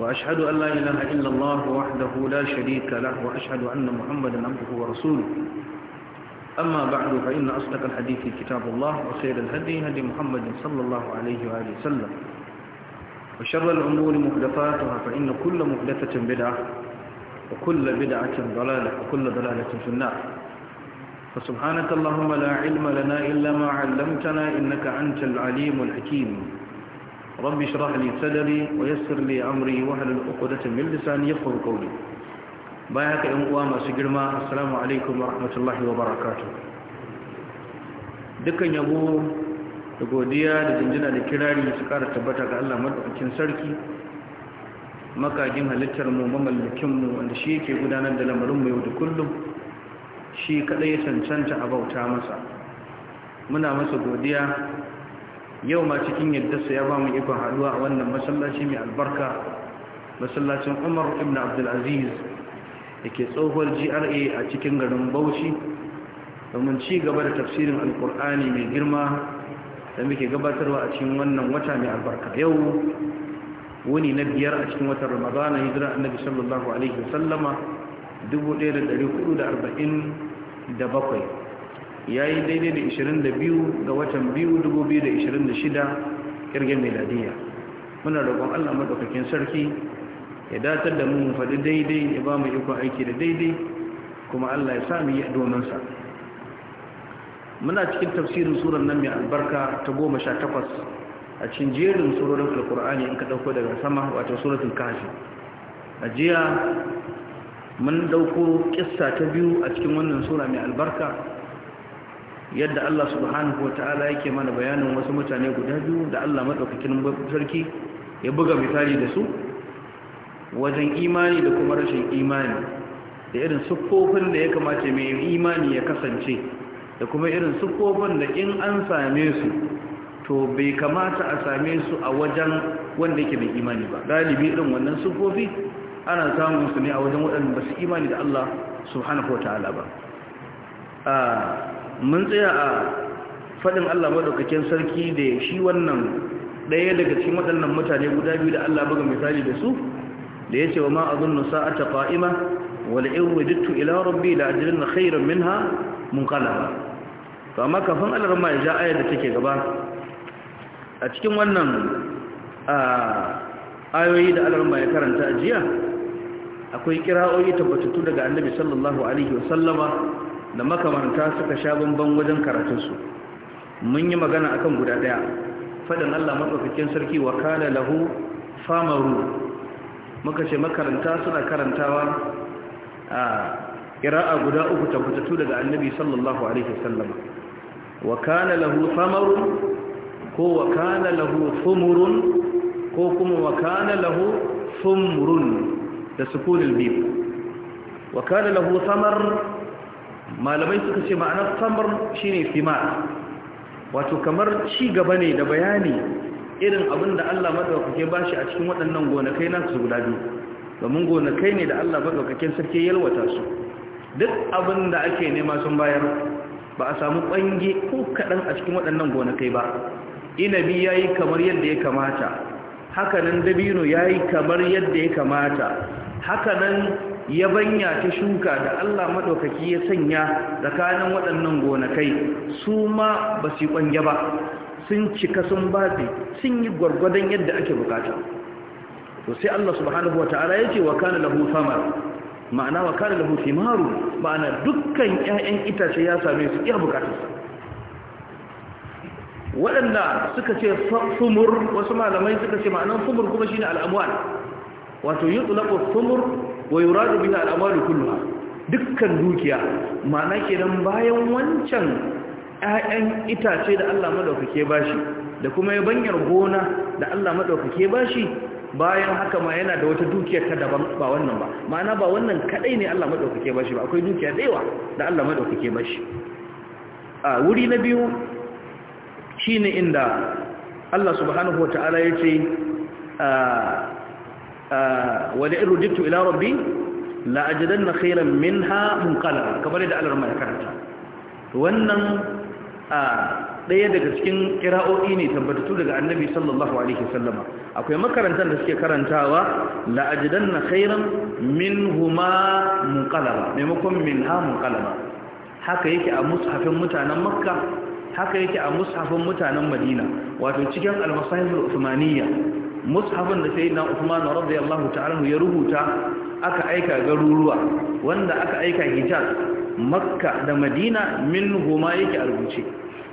وأشهد أن لا إله إلا الله وحده لا شريك له وأشهد أن محمدا عبده ورسوله أما بعد فإن أصدق الحديث كتاب الله وخير الهدي هدي محمد صلى الله عليه وآله وسلم وشر الأمور محدثاتها فإن كل محدثة بدعة وكل بدعة ضلالة وكل ضلالة في النار فسبحانك اللهم لا علم لنا إلا ما علمتنا إنك أنت العليم الحكيم رب اشرح لي صدري ويسر لي أمري واحلل عقدة من لساني يفقه قولي بايعك يا أمقوا ما سجرما السلام عليكم ورحمة الله وبركاته dukkan yabo da godiya da jinjina da kirari su kara tabbata ga Allah madaukakin sarki makagin halittar mu mamallakin mu wanda shi yake gudanar da lamarin mu yau da kullum shi kadai ya cancanta a bauta masa muna masa godiya yau ma cikin yaddarsa ya ba mu ikon haɗuwa a wannan masallaci mai albarka masallacin umar ibn abdulaziz da ke tsohuwar gra a cikin garin bauchi domin ci gaba da tafsirin alkur'ani mai girma da muke gabatarwa a cikin wannan wata mai albarka yau wuni na biyar a cikin watan ramadana hijira annabi sallallahu alaihi wasallama 1447 ya yi daidai da 22 ga watan 2026 kirgin miladiya muna roƙon allah maɗaukakin sarki ya datar da mu faɗi daidai ya ba mu ikon aiki da daidai kuma allah ya sami yi a dominsa muna cikin tafsirin surar nan mai albarka ta goma sha takwas a cikin jerin surorin alkur'ani in ka ɗauko daga sama wato suratun kashi a jiya mun ɗauko ƙissa ta biyu a cikin wannan sura mai albarka yadda Allah subhanahu wa ta'ala yake mana bayanin wasu mutane guda biyu da Allah maɗaukakin sarki ya buga misali da su wajen imani da kuma rashin imani da irin siffofin da ya kamace mai imani ya kasance da kuma irin siffofin da in an same su to bai kamata a same su a wajen wanda yake mai imani ba galibi irin wannan siffofi ana samun su ne a wajen waɗanda ba su imani da Allah subhanahu wa ta'ala ba ah, mun tsaya a faɗin Allah maɗaukakin sarki da shi wannan ɗaya daga cikin waɗannan mutane guda biyu da Allah buga misali da su da ya ce wa ma azunnu sa'ata qa'ima wal irwajtu ila rabbi la ajrun khayran minha munqalaba to amma kafin Allah ma ya ja ayar da take gaba a cikin wannan ayoyi da Allah ma ya karanta a jiya, akwai kira'oyi tabbatattu daga Annabi sallallahu alaihi sallama. da makamanta suka sha bamban wajen karatunsu mun yi magana akan guda ɗaya faɗin allah maɗaukakin sarki wa kala lahu famaru muka ce makaranta suna karantawa a ƙira'a guda uku tabbatattu daga annabi sallallahu alaihi wasallam wa kana lahu Famaru ko wa kana lahu fumurun ko kuma wa kana lahu fumurun da sukunin biyu wa kana lahu samar malamai suka ce ma'anar samar shi ne Sima wato kamar ci gaba ne da bayani irin abin da Allah ba bashi a cikin waɗannan gonakai su guda biyu domin gonakai ne da Allah madaukaken sarki yalwata su duk abin da ake nema sun bayar ba a samu ɓangi ko kaɗan a cikin waɗannan gonakai ba inabi ya yi kamar yadda ya kamata hakanan dabino ya yi kamar yadda ya kamata hakanan Ya banya ta shuka da Allah maɗaukaki ya sanya tsakanin waɗannan gonakai su ma ba su yi ba sun cika sun batse sun yi gwargwadon yadda ake bukata to sai Allah subhanahu wa ta'ala ya ce wa kana lahu samar ma'ana wa kana lahu thimaru ma'ana dukkan ƴaƴan itace ya same su iya bukatarsa waɗanda suka ce sumur wasu malamai suka ce ma'anan sumur kuma shine al'amwal wato yutlaqu sumur wa yuradu biha al-amalu kulluha dukkan dukiya ma'ana kenan bayan wancan 'ya'yan itace da Allah madaukake bashi da kuma ya banyar gona da Allah madaukake bashi bayan haka ma yana da wata dukiya ta daban ba wannan ba ma'ana ba wannan kadai ne Allah madaukake bashi ba akwai dukiya da da Allah madaukake bashi a wuri na biyu shine inda Allah subhanahu wataala yace a wani in rujittu ila rabbi la ajidanna khairan minha munqalaba kamar da Allah ya karanta wannan ɗaya daga cikin ƙira'o'i ne tabbatattu daga annabi sallallahu alaihi sallama akwai makarantar da suke karantawa la'ajidan na khairan min huma munkalaba maimakon min ha munkalaba haka yake a mushafin mutanen makka haka yake a mushafin mutanen madina wato cikin almasahimul usmaniyya mushafin da sai na Usman radiyallahu ta'ala ya rubuta aka aika garuruwa wanda aka aika Hijaz Makka da Madina min huma yake a rubuce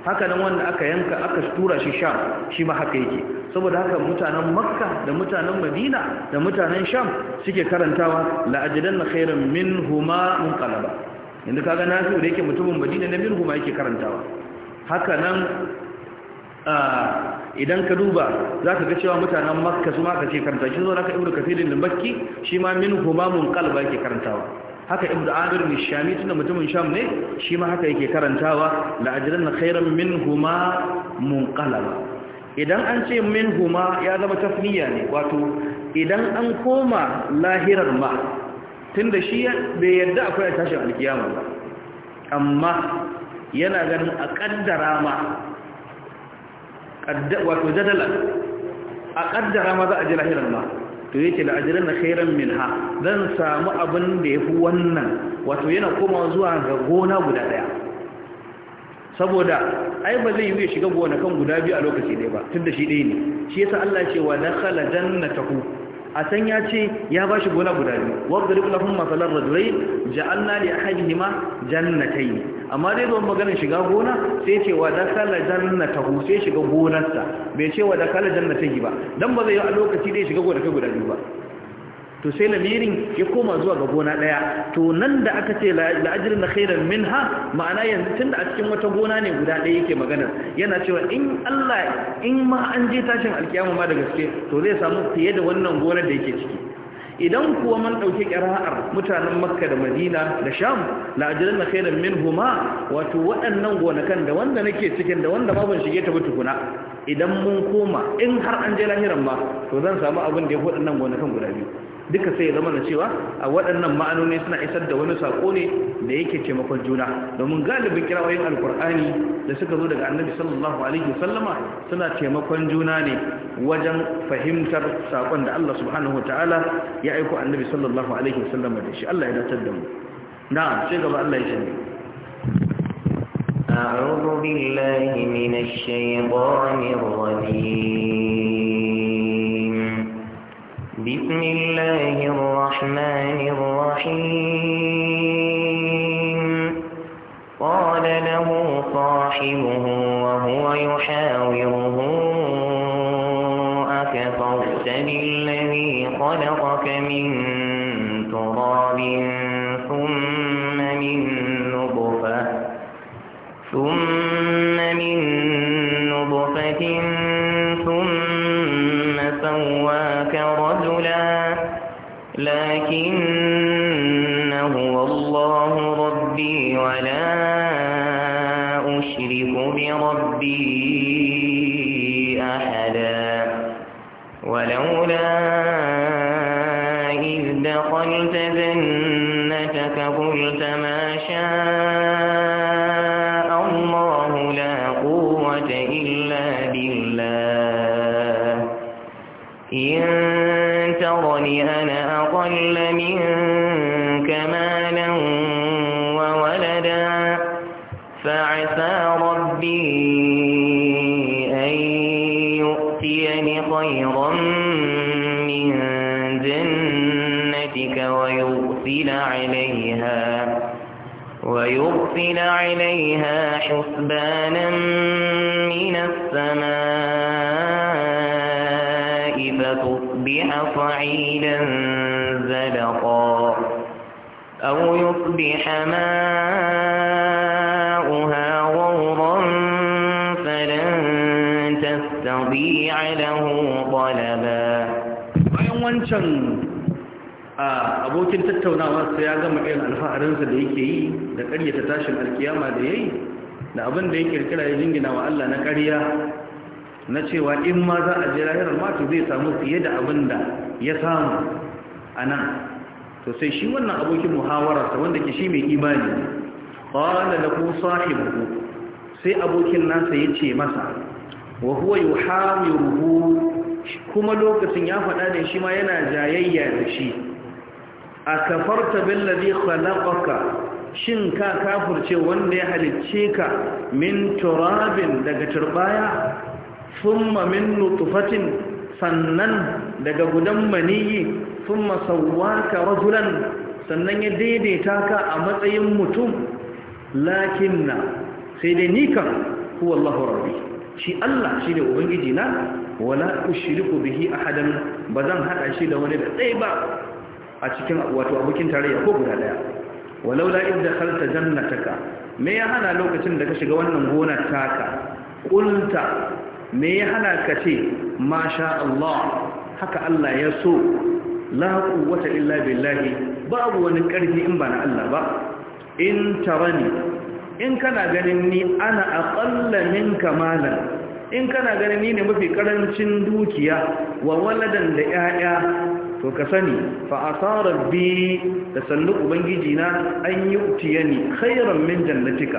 haka nan wanda aka yanka aka tura shi Sham shi ma haka yake saboda haka mutanen Makka da mutanen Madina da mutanen Sham suke karantawa la ajdanna khairan min huma munqalaba inda kaga nasu da yake mutumin Madina na min huma yake karantawa haka nan idan ka duba za ka ga cewa mutanen makka su maka ce karanta shi zo na ka ibnu kafirin limbakki shi ma min humamun kalba yake karantawa haka ibnu amir min shami tunda mutumin sham ne shi ma haka yake karantawa la ajran khairan min huma munqalaba idan an ce min huma ya zama tafniya ne wato idan an koma lahirar ma tunda shi bai yadda akwai tashin alkiyama ba amma yana ganin a kaddara ma wato jadala a kaddara ma za a ji lahiran ma to yake da ajiran na khairan minha zan samu abin da ya fi wannan wato yana koma zuwa ga gona guda daya saboda ai ba zai yi shiga gona kan guda biyu a lokaci ɗaya ba tun da shi ɗaya ne shi yasa Allah ce wa dakhala jannatahu a san ya ce ya bashi gona guda biyu wa darib lahum masalan rajulain ja'alna li ahadihima jannatayn amma dai zuwan maganin shiga gona sai cewa wa da kala janna ta huce shiga gonarsa bai ce wa da kala ta ba dan ba zai yi a lokaci dai shiga gona kai guda biyu ba to sai lamirin ya koma zuwa ga gona daya to nan da aka ce la ajrin khairan minha ma'ana yanzu tun da a cikin wata gona ne guda daya yake magana yana cewa in Allah in ma an je tashin alkiyama ma da gaske to zai samu fiye da wannan gonar da yake ciki idan kuwa man ɗauki ƙira'ar mutanen makka da madina da sham la'ajirin na kai da min huma wato waɗannan gonakan da wanda nake cikin da wanda babin shige ta tukuna idan mun koma in har an je lahiran ba to zan samu abin da ya waɗannan gonakan guda biyu duka sai ya zama na cewa a waɗannan ma'anoni suna isar da wani sako ne da yake taimakon juna domin galibin kirawoyin alkur'ani da suka zo daga annabi sallallahu alaihi wasallama suna taimakon juna ne wajen fahimtar sakon da Allah subhanahu wataala ya aiko annabi sallallahu alaihi wasallama da shi Allah ya datar da mu na'am sai gaba Allah ya ni a'udhu billahi minash الشيطان الرجيم بسم الله الرحمن الرحيم قال له صاحبه وهو يحاوره أكفرت بالذي خلقك من تراب ثم من نطفة ثم tattaunawarsa ya gama irin alfaharinsa da yake yi da ta tashin alkiyama da ya yi da abin da ya kirkira ya jingina wa Allah na karya. na cewa in ma za a je lahirar matu zai samu fiye da abin da ya samu a nan to sai shi wannan abokin muhawararsa wanda ke shi mai imani ƙwararra da ku sahibu sai abokin nasa ya ce masa wa huwa hamiru kuma lokacin ya faɗa da shi ma yana jayayya da shi a kafarta billazi khalaqaka shin ka kafurce wanda ya halicce ka min turabin daga turbaya thumma min nutfatin sannan daga gudan maniyi thumma sawwaka rajulan sannan ya daidaita ka a matsayin mutum lakinna sai dai ni kan huwa Allahu rabbi shi Allah shine ubangiji na wala ushriku bihi ahadan bazan hada shi da wani da tsaye ba a cikin wato abokin tarayya ko guda daya walau la idda khalta jannataka me ya hana lokacin da ka shiga wannan gona taka Kulta. me ya hana ka ce masha Allah haka Allah ya so la quwwata illa billahi babu wani karfi in bana Allah ba in tarani in kana ganin ni ana aqalla minka malan in kana ganin ni ne mafi karancin dukiya wa waladan da 'ya'ya to ka sani fa asara bi da sannu ubangiji na an yi utiyani khairan min jannatika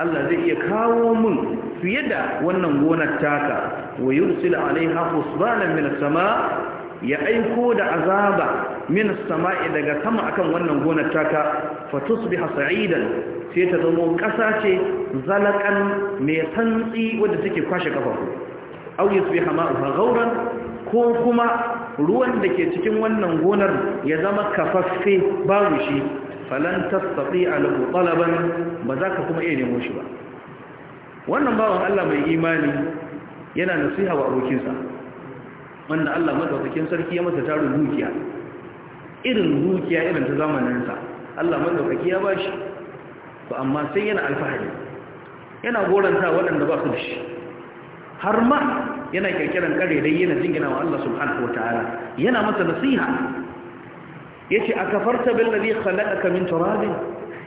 Allah zai iya kawo mun fiye da wannan gonar taka wa yursil alaiha husbanan min sama ya aiko da azaba min sama'i daga sama akan wannan gonar taka fa tusbiha sa'idan sai ta zama kasa ce zalakan mai santsi wadda take kwashe kafafu aw yusbiha ma'uha ghauran ko kuma ruwan da ke cikin wannan gonar ya zama kafaffe babu shi falan tastati alahu ba za ka kuma iya nemo shi ba wannan bawan Allah mai imani yana nasiha wa abokinsa wanda Allah madaukakin sarki ya masa tarin dukiya irin dukiya irin ta zamaninsa Allah madaukaki ya bashi ba amma sai yana alfahari yana goranta waɗanda ba su da shi har ma yana kirkiran kare dai yana jingina wa Allah subhanahu Ta'ala. yana masa nasiha yace akafarta bil ladhi khalaqaka min turab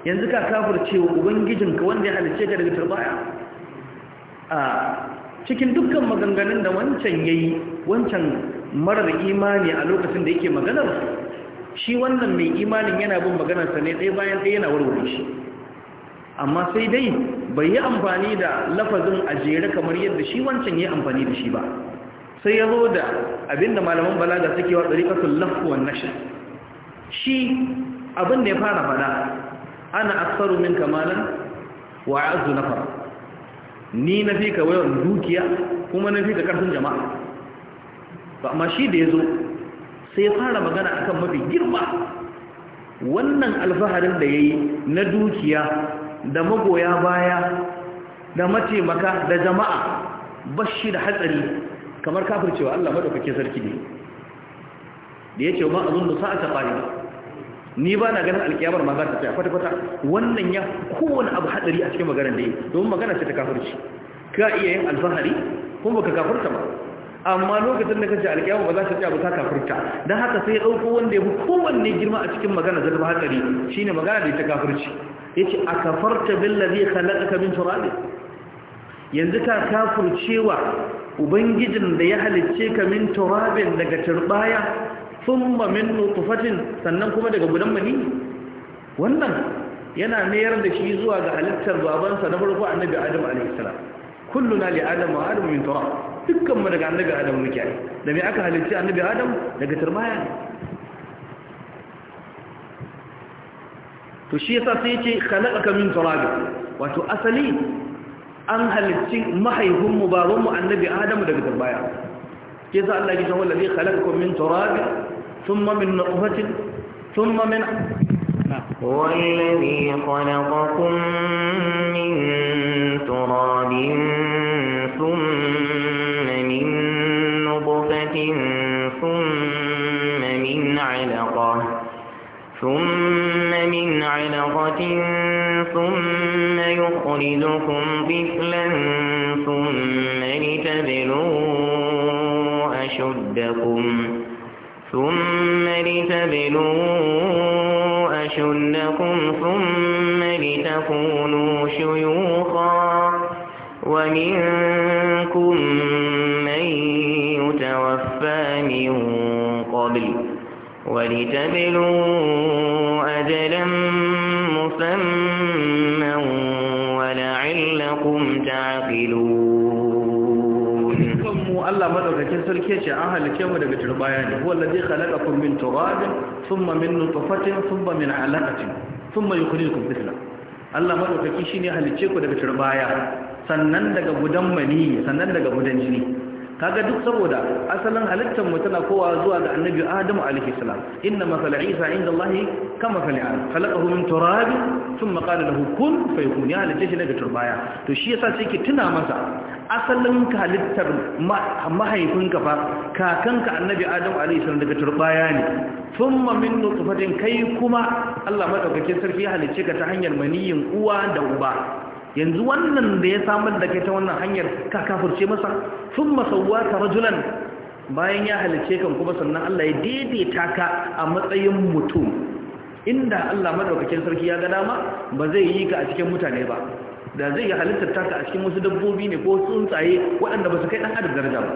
yanzu ka kafirce ubangijin ka wanda ya halice ka daga turbaya a cikin dukkan maganganun da wancan yayi wancan marar imani a lokacin da yake maganar shi wannan mai imanin yana bin maganarsa ne ɗaya bayan ɗaya yana warware shi amma sai dai bai yi amfani da lafazin a jere kamar yadda shi wancan ya amfani da shi ba sai ya zo da abinda malaman Bala balaga suke wa kasu lafuwan nashi shi abin da ya fara fada ana aksaru min kamalan wa azu fara ni na fi ka wayan dukiya kuma na fi ka karfin jama'a ba amma shi da ya zo sai ya fara magana akan mafi girma wannan alfaharin da ya yi na dukiya da magoya baya da mataimaka da jama'a bashi da hatsari kamar cewa Allah madaukake sarki ne da ce ma azun da ta qa'ima ni ba na ganin alkiyamar ma za ta tsaya fata fata wannan ya kowane abu hatsari a cikin maganar da yi domin magana ce ta kafirci ka iya yin alfahari kuma baka kafirta ba amma lokacin da kace alƙiyama ba za ta tsaya ba ta kafirta dan haka sai ya dauko wanda ya fi kowanne girma a cikin magana zalba hatsari shine magana da ta kafirci yace akafarta billazi khalaqaka min turab yanzu ka kafurcewa ubangijin da ya halicce ka min turabin daga turbaya thumma min nutfatin sannan kuma daga gudan mani wannan yana mayar da shi zuwa ga halittar babansa na farko annabi adam alaihi salam kulluna li adam wa adam min turab dukkan mu daga annabi adam muke da me aka halicce annabi adam daga turbaya ne to shi yasa sai yace khalaqaka min turab wato asali an halicci mahaifin mu baban mu annabi adamu daga turbaya ke sa Allah ya ce wala li khalaqakum min turab thumma min nutfatin thumma min والذي خلقكم من تراب ثم من نطفة ثم من علقة ثم علقة ثم يخرجكم طفلا ثم لتبلوا أشدكم ثم لتبلوا أشدكم ثم لتكونوا شيوخا ومنكم من يتوفى من قبل ولتبلوا أجلا مسمى ولعلكم تعقلون الله مدوكاكين سلكي شي أهل كيما دغ تربايا هو الذي خلقكم من تراب ثم من نطفة ثم من علقة ثم يخرجكم مثلا Allah madaukaki shine halicce ku daga turbaya sannan daga gudan mani sannan daga gudan jini kaga duk saboda asalin halittar mu tana kowa zuwa ga annabi Adam alaihi salam inna masal Isa inda Allah kama sali'an khalaqahu min turab thumma qala lahu kun ya halice shi daga turbaya to shi yasa sai ki tuna masa asalin ka halittar mahaifinka fa kakanka annabi adam alaihi salam daga turbaya ne thumma min nutfatin kai kuma Allah madaukakin sarki ya halice ka ta hanyar maniyin uwa da uba yanzu wannan da ya samar da kai ta wannan hanyar ka kafirce masa thumma sawwaka rajulan bayan ya halice kan kuma sannan Allah ya daidaita ka a matsayin mutum inda Allah madaukakin sarki ya ga dama ba zai yi ka a cikin mutane ba da zai yi halittar taka a cikin wasu dabbobi ne ko tsuntsaye waɗanda ba su kai ɗan adam daraja ba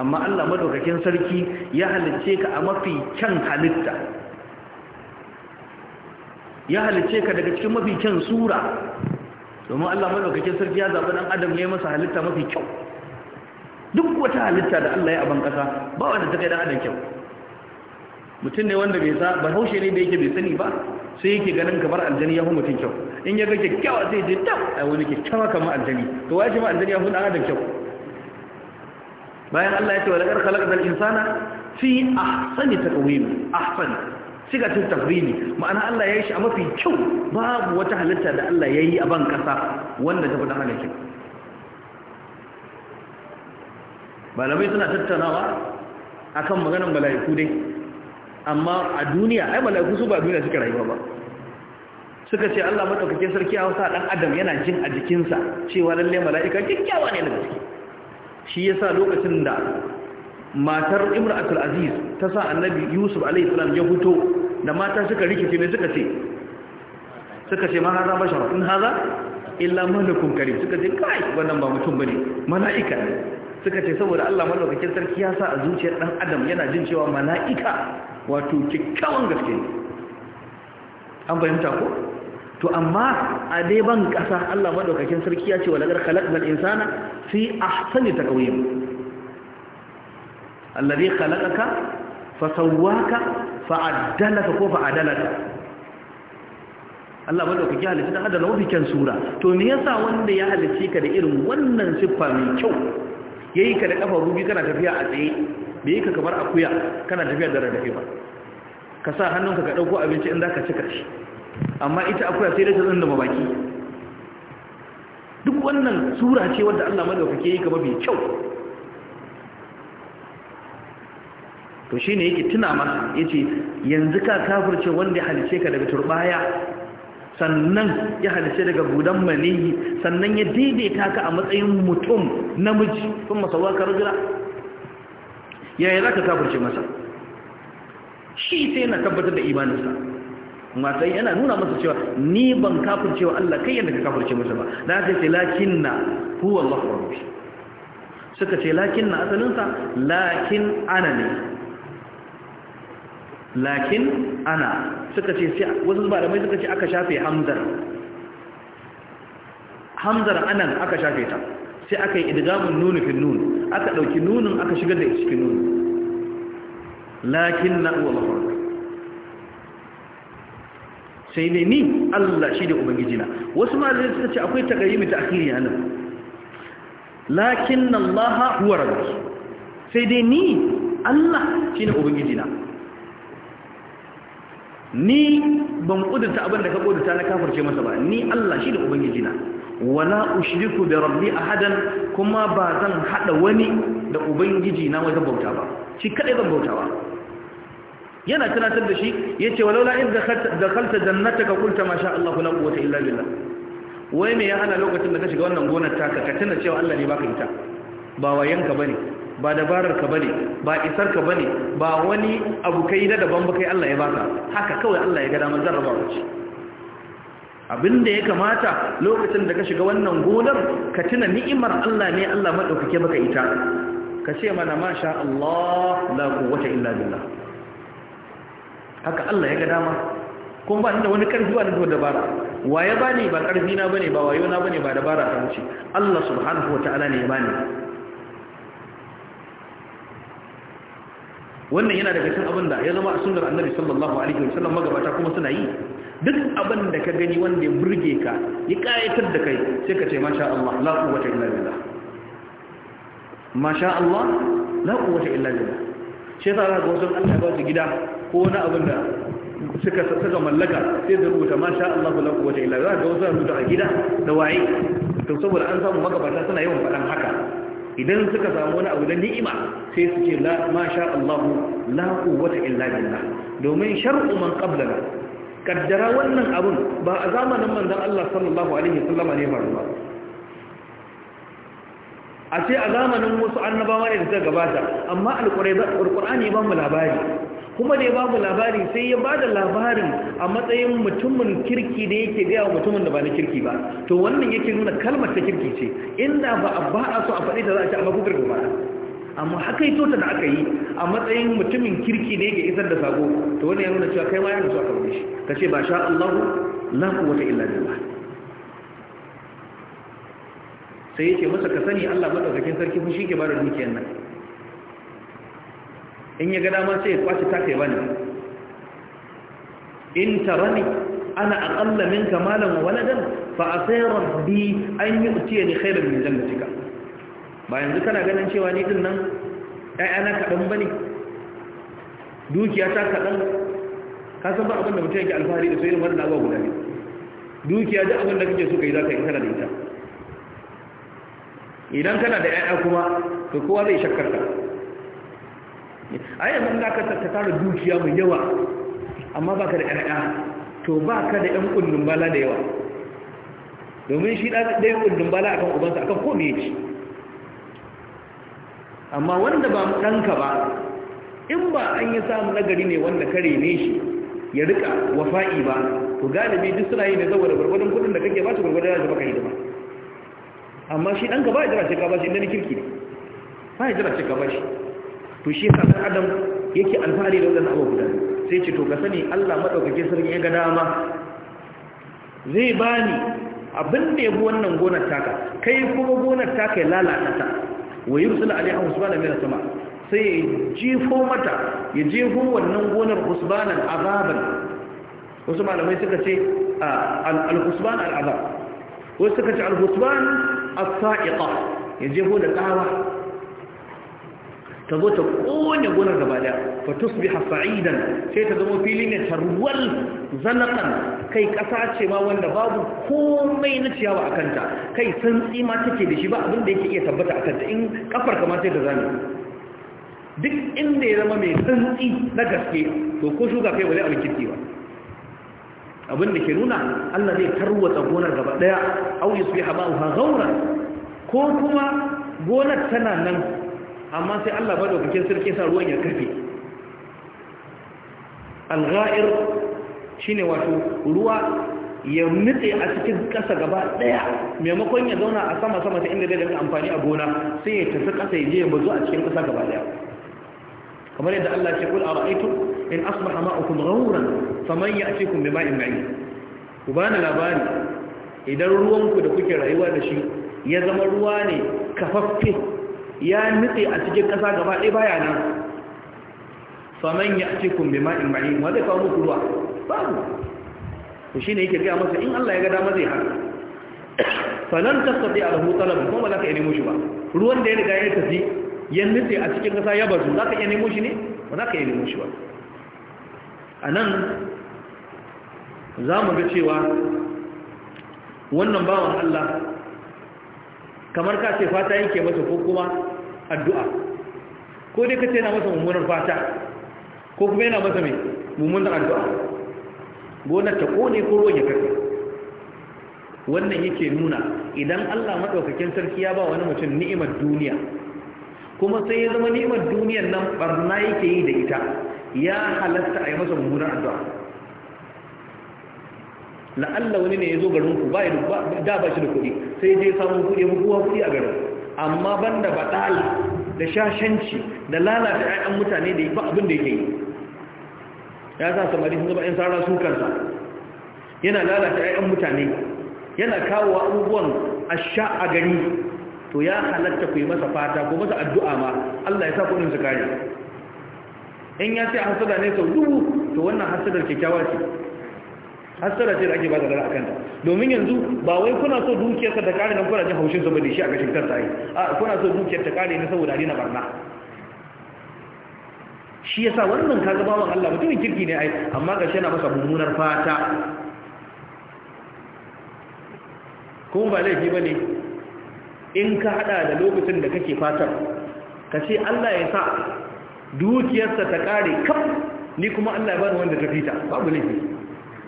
amma Allah madaukakin sarki ya halicce ka a mafi kyan halitta ya halicce ka daga cikin mafi kyan sura domin Allah madaukakin sarki ya zaɓi ɗan adam ne masa halitta mafi kyau duk wata halitta da Allah ya ban ƙasa ba wanda ta kai ɗan adam kyau mutum ne wanda bai sa ba haushe ne da yake bai sani ba sai yake ganin kamar aljani ya fi mutum kyau in ya ga kyakkyawa zai je ta a wani kyakkyawa kamar aljani to wa shi ma aljani ya fi ɗan adam kyau bayan Allah ya ce wa laƙar khalaqal insana fi ahsani taqwim ahsani sigatun tafrimi ma'ana Allah ya yi shi a mafi kyau babu wata halitta da Allah ya yi a ban ƙasa wanda ta fi ɗan adam kyau malamai suna tattaunawa akan maganar mala'iku dai amma a duniya ai mala'iku su ba duniya suka rayuwa ba suka ce Allah madaukakin sarki a wasa dan adam yana jin a jikinsa cewa lalle mala'ika kikkiawa ne daga ciki. shi yasa lokacin da matar imra'atul aziz ta sa annabi yusuf alaihi salam ya hutu da mata suka rikice ne suka ce suka ce ma haza bashara in haza illa malakun karim suka ce kai wannan ba mutum bane mala'ika ne suka ce saboda Allah madaukakin sarki ya sa a zuciyar dan adam yana jin cewa mala'ika wato kikkawan gaske ne an fahimta ko to amma a dai ban kasa Allah madaukakin sarki ya ce wa lagar khalaqal insana fi ahsani taqwim alladhi khalaqaka fa sawwaka fa addalaka ko fa adalaka Allah madaukaki halitta da adala mafi kan sura to me yasa wanda ya halice ka da irin wannan siffa mai kyau yayi ka da kafa rubi kana tafiya a tsaye bai yi ka kamar akuya kana tafiya da rarrafe ba ka sa hannunka ka ɗauko abinci in za ka ci shi amma ita akuya sai da ta zanda mabaki duk wannan sura ce wanda Allah madaukake yi kaba mai kyau to shine yake tuna masa yace yanzu ka kafirce wanda ya halice ka daga turbaya sannan ya halice daga gudan maniyi sannan ya daidaita ka a matsayin mutum namiji kuma sawaka rajula yaya za ka kafirce masa shi sai yana tabbatar da imaninsa masu yana nuna masa cewa ni ban kafirce wa Allah kai yadda ka kafirce masa ba Na haka ce lakin na huwa Allah rabbi suka ce lakin na asalinsa lakin ana ne lakin ana suka ce sai wasu ba da mai suka ce aka shafe hamzar hamzar anan aka shafe ta sai aka yi idgamun nunu fil nun aka dauki nunun aka shigar da cikin nun lakin na uwa mafarka sai dai ni Allah shi da ubangiji na wasu malamai suka ce akwai takarimi ta akhiri a nan lakin Allah huwa rabbi sai dai ni Allah shi ne ubangiji na ni ban kudurta abin da ka kudurta na kafirce masa ba ni Allah shi da ubangiji na wala ushriku bi rabbi ahadan kuma ba zan hada wani da ubangiji na wajen bauta ba shi kadai zan bauta ba. yana tunatar da shi yace walaula in dakhalta jannataka qulta ma sha Allah la quwwata illa billah wai me ya hana lokacin da ka shiga wannan gonar taka ka tana cewa Allah ne baka ita ba wayanka bane ba dabarar ka bane ba isar ka bane ba wani abu kai da daban ba kai Allah ya baka haka kawai Allah ya ga damar jarrabawa ce Abin da ya kamata lokacin da ka shiga wannan gonar ka tuna ni'imar Allah ne Allah madaukake maka ita ka ce mana masha Allah la quwwata illa billah haka Allah ya ga dama kun ba da wani karfi ba da dabara waye bani ba karfi na bane ba wayo na bane ba dabara ta wuce Allah subhanahu wataala ne ya bani wannan yana daga cikin abin da ya zama a sunnar annabi sallallahu alaihi wasallam magabata kuma suna yi duk abin da ka gani wanda ya burge ka ya kayatar da kai sai ka ce masha Allah la quwwata illa billah masha Allah la quwwata illa billah shi yasa ga wasu an ba su gida ko wani abin da suka saka mallaka sai da rubuta masha Allah la quwwata illa billah ga wasu rubuta a gida da waye to saboda an samu magabata suna yawan faɗan haka idan suka samu wani abu da ni'ima sai su ce la masha Allah la quwwata illa billah domin shar'u man qablana kaddara wannan abun ba a zamanin manzan Allah sallallahu alaihi sallama ne ba a ce a zamanin wasu annabawa ne da suka gabata amma alkur'ani ba mu labari kuma ne babu ba mu labari sai ya ba da labarin a matsayin mutumin kirki da yake gaya mutumin da ba na kirki ba to wannan yake nuna kalmar ta kirki ce inda ba a ba a so a faɗi da za a ci a makukar ba amma haka yi tota da aka yi a matsayin mutumin kirki ne ga isar da sago to wani ya nuna cewa kai ma ya nusu aka shi ka ce ba sha Allahu la kuwata illa billah sai yake masa ka sani Allah madaukakin sarki fa shi ke bada dukiyar nan in ya ga dama sai ya kwace ta kai bani in tarani ana aqalla minka malan wa waladan fa asayra bi an ni khairan min jannatika ba yanzu kana ganin cewa ni din nan ƴaƴana kaɗan ba ne dukiya ta kaɗan ka san ba abin da mutum yake alfahari da su wannan abuwa guda ne dukiya duk abin da kake so ka yi za ka yi tana da ita idan kana da ƴaƴa kuma to kowa zai shakkar ka a yanzu za ka tattara dukiya mai yawa amma ba ka da ƴaƴa to ba ka da ƴan kundin bala da yawa domin shi ɗaya kundin bala akan ubansa akan kome yake amma wanda ba ɗanka ba in ba an yi samu nagari ne wanda kare ne shi ya rika wafa'i ba to galibi duk suna yi da zawo da gwargwadon kudin da kake ba su gwargwadon da baka yi da ba amma shi ɗanka ba ya jira ka ba shi inda ni kirki ne ba ya jira ka ba shi to shi ya sa adam yake alfahari da wannan abu guda sai ce to ka sani Allah madaukake sarki ya ga dama zai bani abin da ya bi wannan gonar taka kai kuma gonar taka ya lalata ta wa yursila alaiha husbana min sama sai ya jefo mata ya jefo wannan gonar husbanan azaban wasu malamai suka ce al-husban al-azab wasu suka ce al-husban as-sa'iqa ya jefo da tsawa ta zo ta ƙone gonar gaba daya fa sa'idan sai ta zama fili ne tarwal zanaqan kai kasa ce ma wanda babu komai na ciyawa a kanta kai santsi ma take da shi ba abin da yake iya tabbata a kanta, in kafar kamar sai ta zame duk inda ya zama mai santsi na gaske to ko shuka kai ba zai abin kirki ba abin da ke nuna Allah zai tarwata gonar gaba daya au yusbiha ma'uha ghawran ko kuma gonar tana nan amma sai Allah ba wakilin sarki sa ruwan ya kafe al shine wato ruwa ya nutse a cikin ƙasa gaba ɗaya maimakon ya zauna a sama-sama ta inda daga amfani a gona sai ya tafi ƙasa ya je ya bazu a cikin ƙasa gaba ɗaya kamar yadda Allah ce kul ara'aytu in asbaha ma'ukum ghawran faman ya'tikum bima'in ma'in ku bani labari idan ruwanku da kuke rayuwa da shi ya zama ruwa ne kafaffe ya nitse a cikin ƙasa gaba ɗaya baya nan faman ya ce kun bima in ma'in wa zai kawo muku ruwa babu to shi ne yake gaya masa in Allah ya ga dama zai haka falan tasadi a rahu talabin kuma za ka iya nemo shi ba ruwan da ya riga ya tafi ya nitse a cikin ƙasa ya bazu za ka iya nemo shi ne ba za ka iya nemo shi ba a nan za mu ga cewa wannan bawan Allah kamar ka ce fata yake masa ko kuma addu'a ko dai ka ce yana masa mummunar fata ko kuma yana masa mai mummunar addu'a gonar ta kone ko ruwan ya karfe wannan yake nuna idan Allah maɗaukakin sarki ya ba wani mutum ni'imar duniya kuma sai ya zama ni'imar duniyar nan barna yake yi da ita ya halatta a yi masa mummunar addu'a la'alla wani ne ya zo garin ku ba da ba shi da kuɗi sai je samun kuɗi mu kuwa kuɗi a garin amma banda baɗala da shashanci da lalata ƴaƴan mutane da ba abin da yake yi ya sa samari sun zama in sara su kansa yana lalata 'ya'yan mutane yana kawo abubuwan asha a gari to ya halatta ku yi masa fata ko masa addu'a ma Allah ya sa kuɗin su kare in ya ce hasada ne sau dubu to wannan hasadar kyakkyawa ce hasara ce da ake ba da rana akan domin yanzu ba wai kuna so dukiyarsa ta kare nan kuna jin haushin saboda shi a gashin kansa ai a kuna so dukiyar ta kare ne saboda ne na barna shi yasa wannan kaga bawan Allah mutumin kirki ne ai amma shi yana masa mummunar fata kuma ba laifi bane in ka hada da lokacin da kake fatar ka ce Allah ya sa dukiyarsa ta kare kaf ni kuma Allah ya bani wanda ta fita babu laifi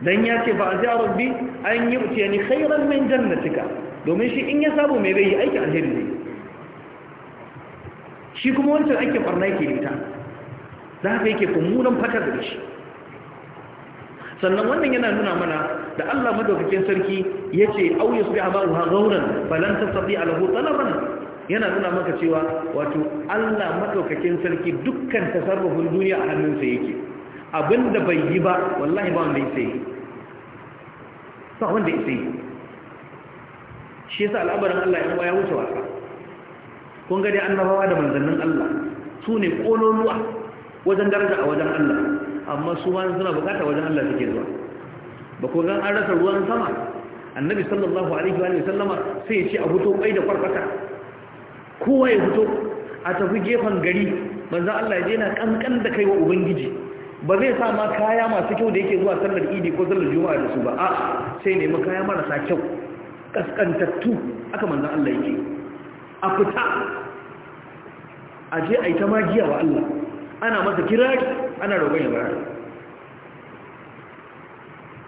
dan ya ce a azi rabbi an yi ni khairan min jannatika domin shi in ya samu mai bai aiki alheri ne shi kuma wancan ake barna yake ita za haka yake mummunan fatar da shi sannan wannan yana nuna mana da Allah madaukakin sarki yace au yusbiha ma'uha ghauran falan tastati alahu talaban yana nuna maka cewa wato Allah madaukakin sarki dukkan tasarrufin duniya a hannunsa yake abinda bai yi ba wallahi ba wanda sayi. ba wanda ya sai shi yasa al'abarin Allah ya ya wuce wasa kun ga dai annabawa da manzannin Allah su ne kololuwa wajen daraja a wajen Allah amma su ma suna bukata wajen Allah suke zuwa ba ku gan an rasa ruwan sama annabi sallallahu alaihi wa sallama sai ya ce a fito kai da farfata kowa ya fito a tafi gefen gari manzo Allah ya je na kankan da kai wa ubangiji ba zai sa ma kaya masu kyau da yake zuwa sallar idi ko sallar juma'a da su ba a sai nemi kaya marasa kyau kaskantattu aka manzan Allah yake a fita a je a yi ta magiya wa Allah ana masa kirari ana rogon ya bara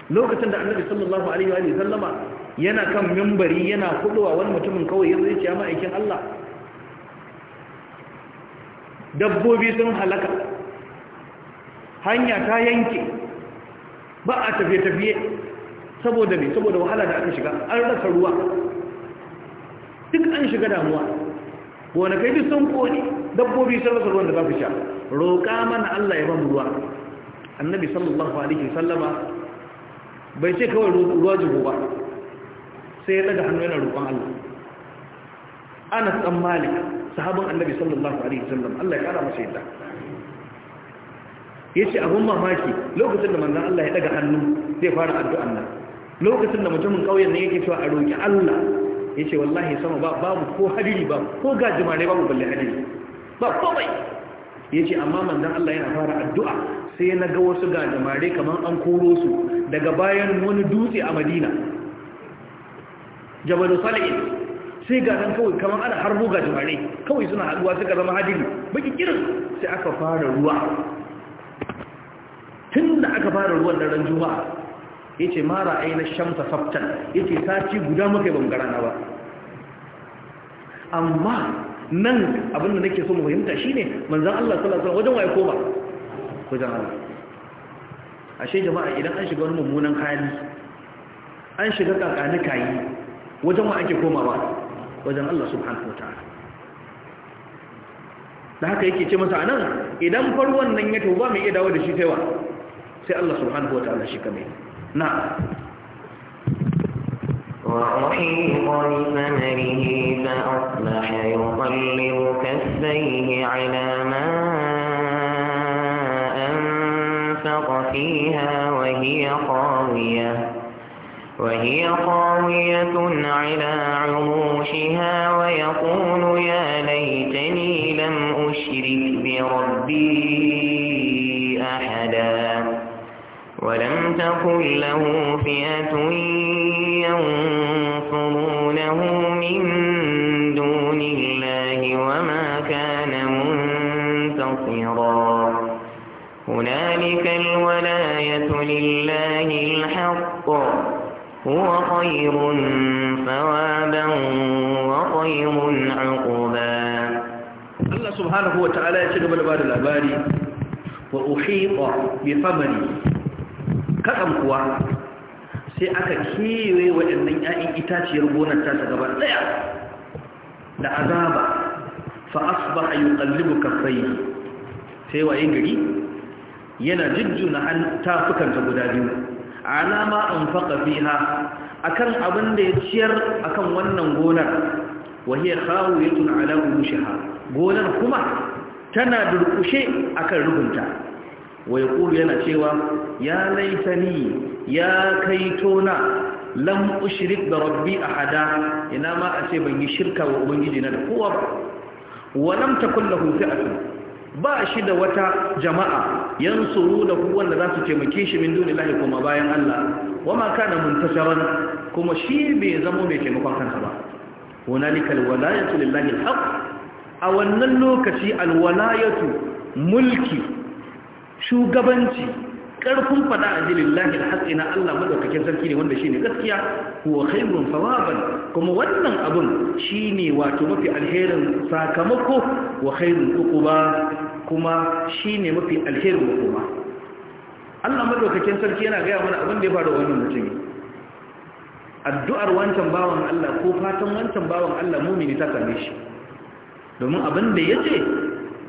lokacin da annabi sallallahu alaihi wa sallama yana kan mimbari yana kuduwa wani mutumin kawai yanzu ya ma aikin ma'aikin Allah dabbobi sun halaka hanya ta yanke ba a tafiye-tafiye saboda ne saboda wahala da aka shiga an rasa ruwa duk an shiga damuwa wane duk sun koli dabbobi sun rasa ruwan da za su sha roƙa mana Allah ya ba mu ruwa annabi sallallahu alaihi sallama bai ce kawai ruwa jiho ba sai ya daga hannu yana roƙon Allah Anas dan Malik sahabin annabi sallallahu alaihi sallam Allah ya kara masa yadda ya ce abin mamaki lokacin da manzan Allah ya daga hannu zai fara addu'an nan lokacin da mutumin ƙauyen nan yake cewa a roƙi Allah ya ce wallahi sama ba babu ko hadiri ba ko gajimare babu balle hadiri ba komai ya ce amma manzan Allah yana fara addu'a sai na ga wasu gajimare kamar an koro su daga bayan wani dutse a madina jabalu salih sai ga nan kawai kamar ana harbo ga jimare kawai suna haɗuwa suka zama hadiri baki kirin sai aka fara ruwa tun da aka fara ruwan daren juma'a ya ce mara aina shamsa saftan ya ce sati guda maka yi bangarana ba amma nan abinda nake so mu fahimta shi ne manzan Allah sallallahu alaihi wajen waye koma wajen Allah ashe jama'a idan an shiga wani mummunan hali an shiga kakani kayi wajen wa ake komawa wajen Allah subhanahu wataala da haka yake ce masa anan idan farwon nan ya tuba mai iya dawo da shi taiwa sai Allah subhanahu wataala shi kame na وأحيط بثمره فأصبح يقلب كفيه على ما أنفق فيها وهي خاوية وهي خاوية على عروشها ويقول يا ليتني لم أشرك بربي ولم تكن له فئة ينصرونه من دون الله وما كان منتصرا هنالك الولاية لله الحق هو خير ثوابا وخير عقبا الله سبحانه وتعالى يتقبل بعد الأباري وأحيط بثمره kaɗan kuwa sai aka kewe waɗannan ‘ya'yan itaciyar gonar ta gaba ɗaya da azaba fa asbaha yuqallibu kaffayhi sai waye gari yana jujjuna an tafukanta guda biyu alama anfaqa fiha akan abin da ya ciyar akan wannan gonar wahiya khawiyatun shi urushiha gonar kuma tana durkushe akan rubunta wa yaqulu yana cewa ya laitani ya kaitona lam ushrik da rabbi a hada ina ma a ce ban yi shirka wa ubangiji na da kowa ba wa lam takun lahu fi'atun ba shi da wata jama'a yansuru da ku wanda za su taimake shi min dunillahi kuma bayan Allah wama kana muntasharan kuma shi bai zama mai taimakon kansa ba hunalika alwalayatu lillahi alhaq a wannan lokaci alwalayatu mulki shugabanci ƙarfin faɗa a jilin lahil hatsi na Allah maɗaukakin sarki ne wanda shi ne gaskiya wa khairun sawaban kuma wannan abun shi ne wato mafi alherin sakamako wa khairun ba, kuma shi ne mafi alherin hukuma Allah maɗaukakin sarki yana gaya mana abin da ya faru wannan mutum addu'ar wancan bawan Allah ko fatan wancan bawan Allah mumini ta same shi domin abin da ya ce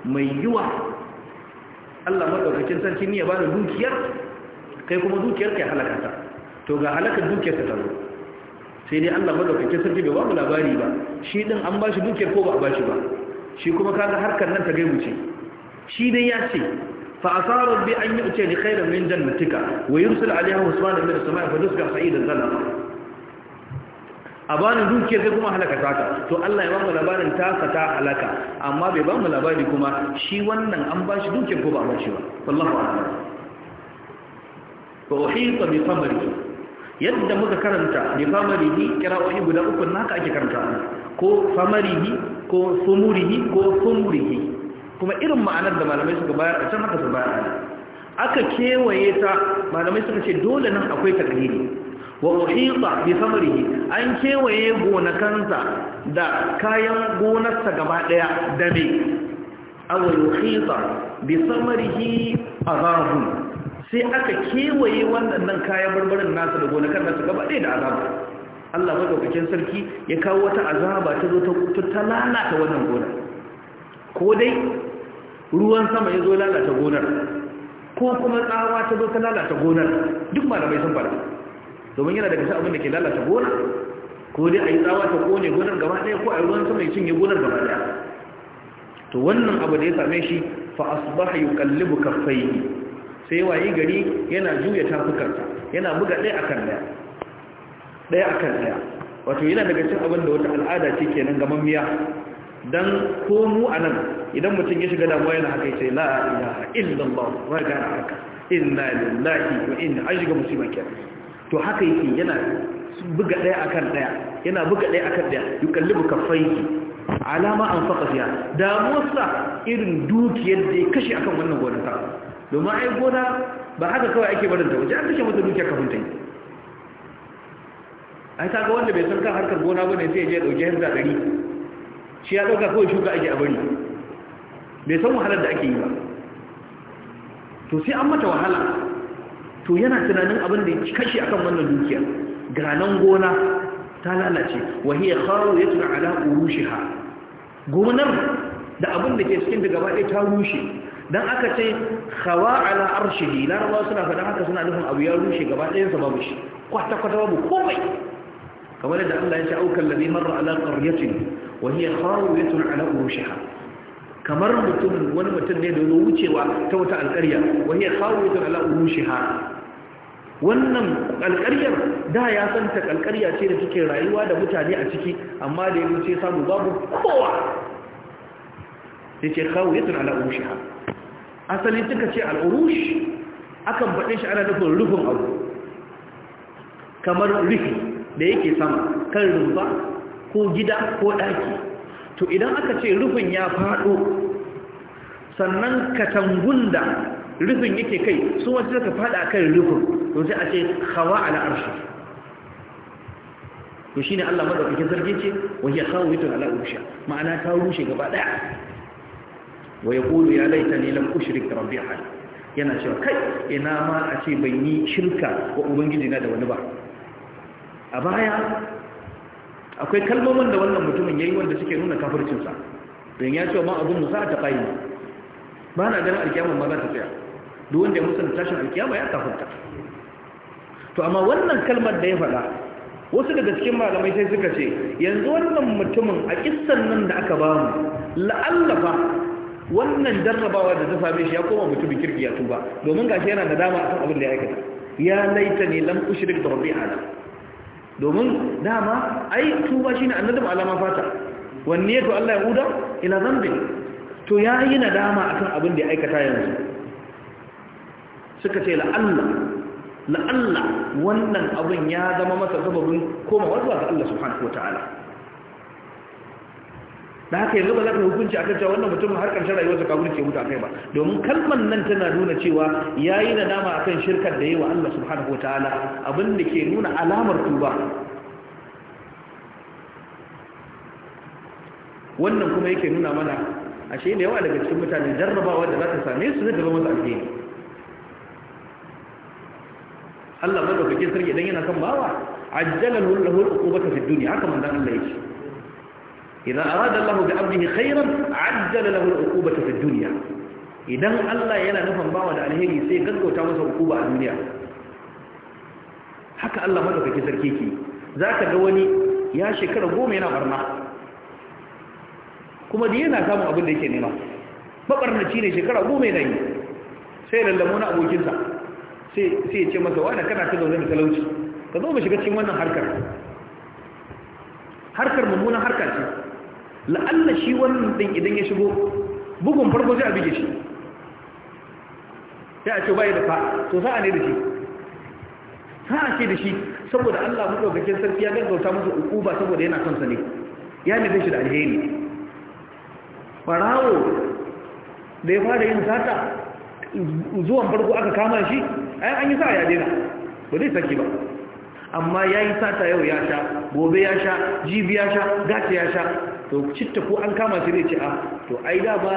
mai yiwa Allah maɗaukakin sarki ne ya da dukiyar kai kuma dukiyar kai halaka ta to ga halakar dukiyar ta zaro sai dai Allah maɗaukakin sarki bai ba mu labari ba shi ɗin an bashi dukiyar ko ba a bashi ba shi kuma kaga harkar nan ta gai wuce shi dai ya ce fa asara bi an yu'ti ni khairan min jannatika wa yursal alaiha usman ibn sama'a fa dusga sa'idan zalama a bani dukiyar sai kuma halaka ka, to Allah ya bamu labarin taka ta halaka amma bai bamu labari kuma shi wannan an bashi dukiyar ko ba a shi ba wallahu a'lam fa uhita bi qamrihi yadda muka karanta bi kira qira'o'i guda uku naka ake karanta ko ni ko sumurihi ko sumurihi kuma irin ma'anar da malamai suka bayar a can haka su bayar aka kewaye ta malamai suka ce dole nan akwai takriri wa muhita bi samrihi an kewaye gonakansa da kayan gonarsa gaba daya da me aw uhita bi samrihi azabun sai aka kewaye wannan kayan barbarin nasa da gonakan nasa gaba daya da azabu Allah dokokin sarki ya kawo wata azaba ta zo ta lalata wannan gonar ko dai ruwan sama ya zo lalata gonar ko kuma tsawa ta zo ta lalata gonar duk malamai sun fara domin yana daga sa'abin da ke lalata gona ko dai a yi tsawa ta kone gonar gaba ɗaya ko a yi ruwan sama ya cinye gonar gaba ɗaya to wannan abu da ya same shi fa asbaha yuqallibu kaffayhi sai wayi gari yana juya tafukansa yana buga ɗaya akan ɗaya ɗaya akan ɗaya wato yana daga cikin abin da wata al'ada ce kenan ga mamiya dan ko mu anan idan mutum ya shiga damuwa yana haka sai la ilaha illallah wa ga haka inna lillahi wa inna ilaihi raji'un musiba to haka yake yana buga daya akan daya yana buga daya akan daya yukallibu kaffaihi alama an faqa fiha damuwarsa irin dukiyar da ya kashe akan wannan gonar ta domin ai gona ba haka kawai ake barin ta waje an kashe mata dukiyar kafin ta yi ai ta ga wanda bai san kan harkar gona bane sai ya je dauke hanza dari shi ya dauka kawai shuka ake a bari bai san wahalar da ake yi ba to sai an mata wahala to yana tunanin abin da ya kashe akan wannan dukiya granan gona ta lalace wahiyar kawo ya tuna ala urushiha gonar da abin da ke cikin da gaba ta rushe Dan aka ce hawa ala arshihi larabawa suna faɗin haka suna nufin abu ya rushe gaba ɗayansa babu shi kwata-kwata babu komai kamar da Allah ya ce aukan labi marar ala ƙaryatin wahiyar kawo ya tuna ala urushiha kamar mutum wani mutum ne da wucewa ta wata alƙarya Wani ya kawo ya tuna ala ha. wannan ƙalƙaryar da ya santa ƙalƙarya ce da take rayuwa da mutane a ciki amma da ya wuce samu babu kowa da kawo yatin al'urushi ha asali suka ce al'urushi akan baɗe shi ana nufin rufin abu kamar rufi da yake sama kan rumfa ko gida ko ɗaki to idan aka ce rufin ya faɗo sannan katangun da rufin yake kai sun wacce suka faɗa kan rufin to a ce hawa ala arshi to shine Allah madaukakin sarki ce wa hiya khawitun ala urusha ma'ana ta rushe gaba daya wa yaqulu ya laitani lam ushrik rabbi ahad yana cewa kai ina ma a ce ban yi shirka wa ubangiji na da wani ba a baya akwai kalmomin da wannan mutumin yayi wanda suke nuna kafircinsa don ya ce ma abun musa ta kayi ba na ganin alkiyama ma za ta tsaya duk wanda ya musulunta tashin alkiyama ya kafirta to amma wannan kalmar da ya faɗa wasu daga cikin malamai sai suka ce yanzu wannan mutumin a kissan nan da aka ba mu la'allafa wannan jarrabawa da ta same shi ya koma mutumin kirki ya tuba domin gashi yana da dama akan abin da ya aikata ya laita ne lam ushrik da rabbi ala domin dama ai tuba shine annabi alama fata wanne to Allah ya huda ila zambi to ya yi nadama akan abin da ya aikata yanzu suka ce la'alla la'alla wannan abin ya zama masa sababin koma wanzuwa ga Allah subhanahu ta'ala, da haka yanzu ba za ka hukunci a kan cewa wannan mutum har ƙarshen rayuwarsa ka gurce mutu a kai ba domin kalmar nan tana nuna cewa ya yi nadama a kan shirkar da yi wa Allah subhanahu wa ta'ala abin da ke nuna alamar tuba wannan kuma yake nuna mana ashe da yawa daga cikin mutane jarrabawa da za ta same su zai gaba masu alheri Allah madaukakin sarki idan yana kan bawa ajjala lahu al-uqubata fi dunya haka manzon Allah yake idan arada Allah bi abdihi khairan ajjala lahu al-uqubata fi dunya idan Allah yana nufin bawa da alheri sai gaggauta masa uquba a duniya haka Allah madaukakin sarki yake zaka ga wani ya shekara goma yana barna kuma dai yana samun abin da yake nema mabarnaci ne shekara goma yana yi sai lallamo na abokinsa sai ya ce masa wani kana ta zaune da talauci ka zo mu shiga cikin wannan harkar harkar mummunan harka ce la'alla shi wannan din idan ya shigo bugun farko zai a bige shi sai a ce bai da fa to sa'a ne da shi sa'a ce da shi saboda Allah madaukakin sarki ya gaggauta masa ukuba saboda yana son sa ne ya nufi shi da alheri farawo da ya fara yin sata zuwan farko aka kama shi ai an yi sa ya daina ba zai saki ba amma ya yi sata yau ya sha gobe ya sha jibi ya sha gata ya sha to citta ko an kama shi ne ce a ah, to ai da ba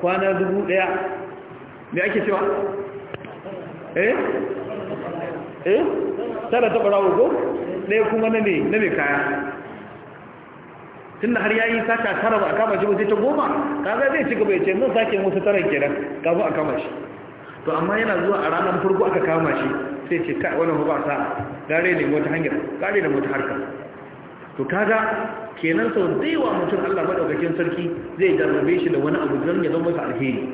kwana dubu daya me ake cewa eh eh tana ta barawo go ɗaya kuma na ne mai kaya tun da har ya yi sata tara ba a kama shi ba zai ta goma kaga zai ci gaba ya ce nan sake musu tara kenan kafin a kama shi to amma yana zuwa a ranar farko aka kama shi sai ce kai wannan ba sa gare ne wata hanyar gare da wata harka to kaga kenan sau da yawa mutum Allah madaukakin sarki zai jarrabe shi da wani abu don ya zama masa alheri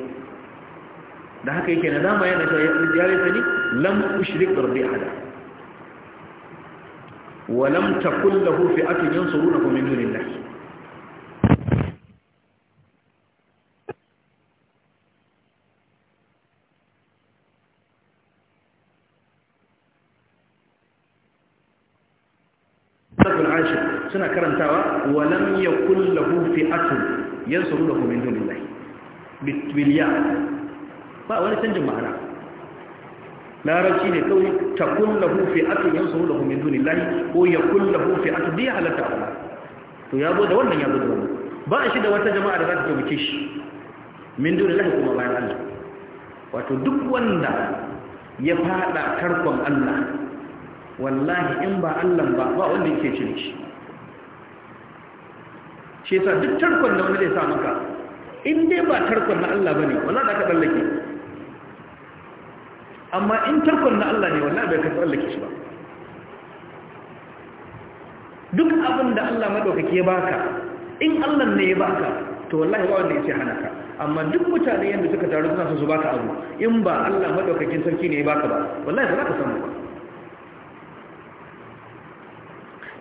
da haka yake na dama yana cewa ya rai sani lam ushrik rabbi ahada wa lam takul lahu fi'atun yansuruna min dunillahi suna karantawa walam yakul lahu fi'atun yansuruhu min dunillahi bitwiliya ba wani canjin ma'ana larabci ne kawai takul lahu fi'atun yansuruhu min dunillahi ko ya yakul lahu fi'atun bi halatta Allah to ya zo da wannan ya zo da wannan ba shi da wata jama'a da za ta ta buke shi min dunillahi kuma bayan Allah wato duk wanda ya fada tarkon Allah wallahi in ba Allah ba ba wanda yake cin shi shi yasa duk tarkon da wani zai sa maka in dai ba tarkon na Allah bane wallahi da ka tsallake amma in tarkon na Allah ne wallahi bai ka tsallake shi ba duk abin da Allah madaukake baka in Allah ne ya baka to wallahi ba wanda ce hana ka amma duk mutane yanda suka taru suna so su baka abu in ba Allah madaukakin sarki ne ya baka ba wallahi ba za ka samu ba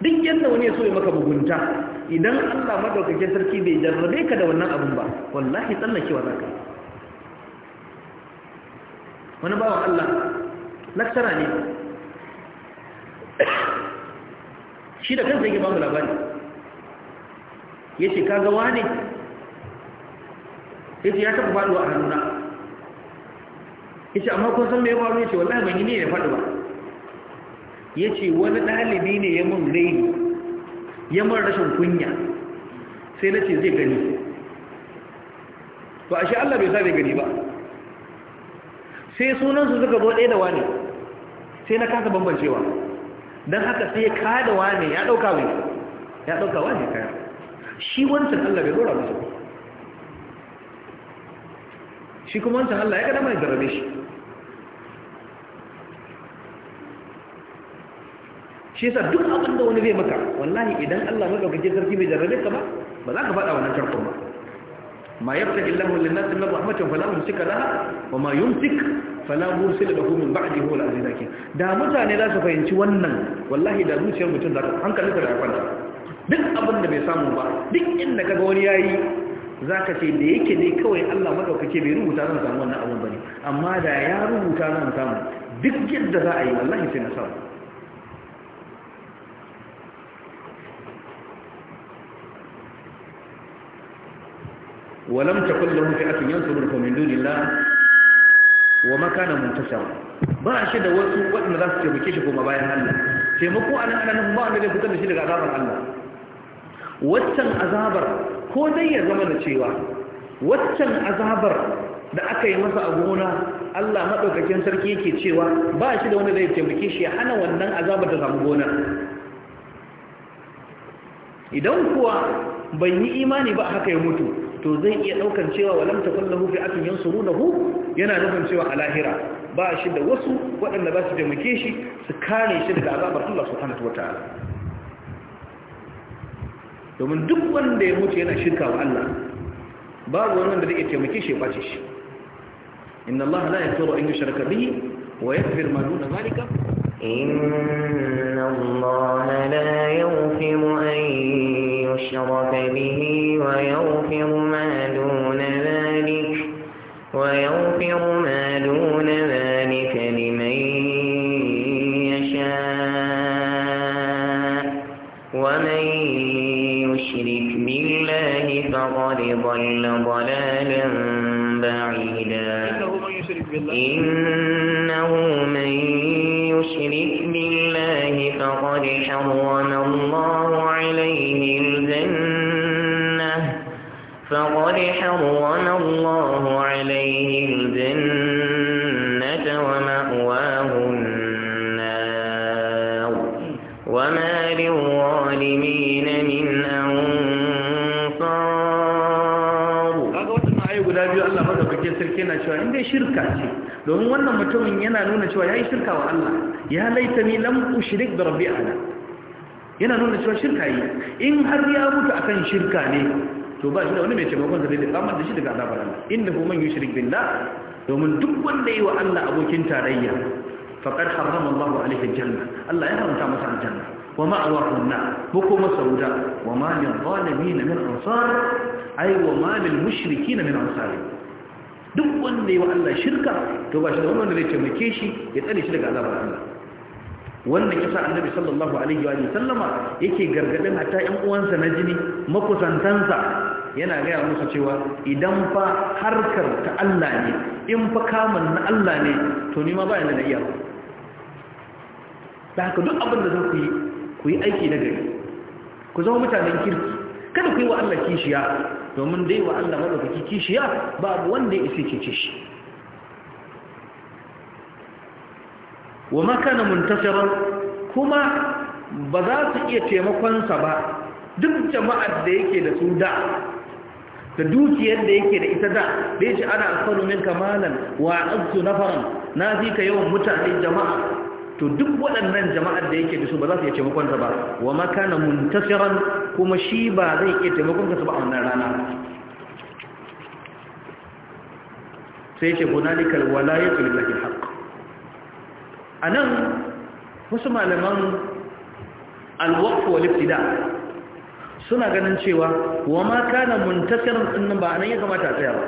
duk yadda wani ya so ya maka bugunta idan Allah madaukakin sarki bai jarrabe ka da wannan abun ba wallahi tsallakewa za ka wani bawan Allah laktara ne shi da kansa yake bamu labari ya ce kaga wane ya ce ya taɓa faɗuwa a hannuna ya ce amma kun san mai faru ya ce wallahi ban yi ne ya faɗi ba ya ce wani ɗalibi ne ya mun rai ya mun rashin kunya sai na ce zai gani a shi Allah bai sa zai gani ba sai sunansu suka zo ɗaya da wane sai na kasa bambancewa don haka sai kaya da wane ya ɗauka mai ya ɗauka wane kaya shi wancan Allah bai zora musu shi kuma wancan Allah ya gada mai zarabe shi shi yasa duk abin da wani zai maka wallahi idan Allah madaukakin sarki bai jarrabe ka ba ba za ka fada wannan tarkon ba ma yabtahi Allahu lin-nas min rahmatin fala mumsika laha wa ma yumsik fala mursil lahu min ba'dihi wal aziz hakim da mutane za su fahimci wannan wallahi da zuciyar mutum za ta hankali ta kwanta duk abin da bai samu ba duk inda kaga wani yayi za ka ce da yake ne kawai Allah madaukake bai rubuta zan samu wannan abin ba ne amma da ya rubuta zan samu duk yadda za a yi wallahi sai na samu ولم تكن له فئة ينصره من دون الله وما كان منتصرا ba shi da wasu waɗanda za su taimake shi kuma bayan Allah taimako a nan ana nan ba wanda zai da shi daga azabar Allah waccan azabar ko dai ya zama da cewa waccan azabar da aka yi masa a gona Allah maɗaukakin sarki yake cewa ba shi da wanda zai taimake shi ya hana wannan azabar da samu gonar idan kuwa ban yi imani ba haka ya mutu to zai iya daukan cewa walam takun lahu 'yan yansurunahu yana nufin cewa a lahira ba shi da wasu waɗanda ba su taimake shi su kare shi daga azabar Allah subhanahu wataala domin duk wanda ya mutu yana shirka wa Allah babu wani da zai taimake shi ya bace shi inna Allah la yaghfiru an yushraka bihi wa yaghfiru ma duna zalika inna Allah la yaghfiru an يشرك به ويغفر ما دون ذلك ويغفر ما دون ذلك لمن يشاء ومن يشرك بالله فقد ضل ضلالا بعيدا إن shirka ce domin wannan mutumin yana nuna cewa ya yi shirka wa Allah ya laita ni lam ushrik da rabbi ana yana nuna cewa shirka yi in har ya mutu akan shirka ne to ba shi da wani mai taimakon da zai tsamar da shi daga azabar Allah inda kuma yi shirk billah domin duk wanda yi wa Allah abokin tarayya faqad harrama Allah alaihi janna Allah ya haramta masa aljanna wa ma'awahu an-nar hukuma sauda wa ma lil zalimin min ansar ay wa ma lil mushrikin min ansar duk wanda ya wa Allah shirka to ba shi da wanda zai taimake shi ya tsare shi daga azabar Allah wannan sa annabi sallallahu alaihi wa sallama yake gargadin mata ƴan uwansa na jini makusantansa yana gaya musu cewa idan fa harkar ta Allah ne in fa kamun na Allah ne to ni ma ba yana da iya da haka duk abin da za ku yi ku yi aiki na gari ku zama mutanen kirki kada ku yi wa Allah kishiya domin dai wa Allah madaukaki kishiya babu wanda ya isa cece shi wa makana muntasiran kuma ba za su iya taimakonsa ba duk jama'ar da yake da su da da dukiyar da yake da ita da da yake ana alfaru kamalan wa azu faran, na fi ka yawan mutane jama'a to duk waɗannan jama'ar da yake da su ba za su iya taimakonsa ba wa makana muntasiran kuma shi ba zai iya taimakon ka su ba a wannan rana sai ce hunalikal lafi haka A nan, wasu malaman alwaqf wa ibtida suna ganin cewa wa ma kana muntasiran sunan ba anan ya kamata a tsaya ba